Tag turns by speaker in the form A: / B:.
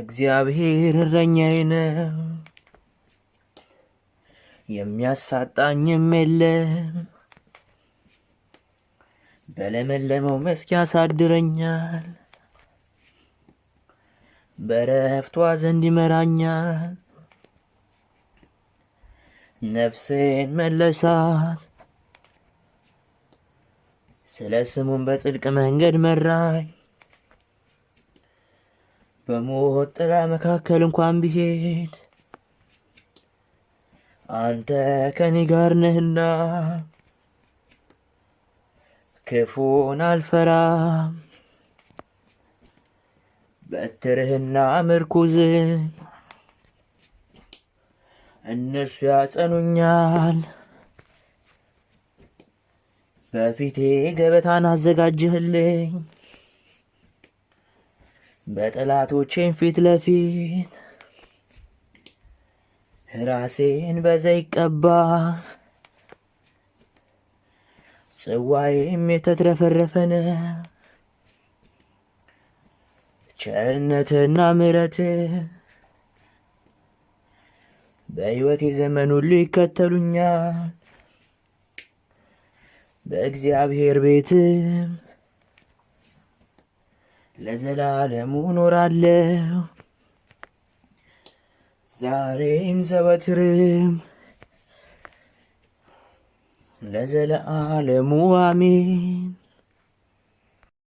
A: እግዚአብሔር እረኛዬ ነው፣ የሚያሳጣኝም የለም። በለመለመው መስክ ያሳድረኛል፣ በረፍቷ ዘንድ ይመራኛል። ነፍሴን መለሳት፣ ስለ ስሙን በጽድቅ መንገድ መራኝ። በሞት ጥላ መካከል እንኳን ብሄድ አንተ ከኔ ጋር ነህና ክፉን አልፈራም። በትርህና ምርኩዝን እነሱ ያጸኑኛል። በፊቴ ገበታን አዘጋጅህልኝ። በጠላቶቼም ፊት ለፊት ራሴን በዘይት ቀባ፣ ጽዋዬም የተትረፈረፈነ ቸርነትና ምሕረት በሕይወቴ ዘመን ሁሉ ይከተሉኛል። በእግዚአብሔር ቤትም ለዘላለሙ እኖራለሁ ዛሬም ዘወትርም ለዘላለሙ አሜን።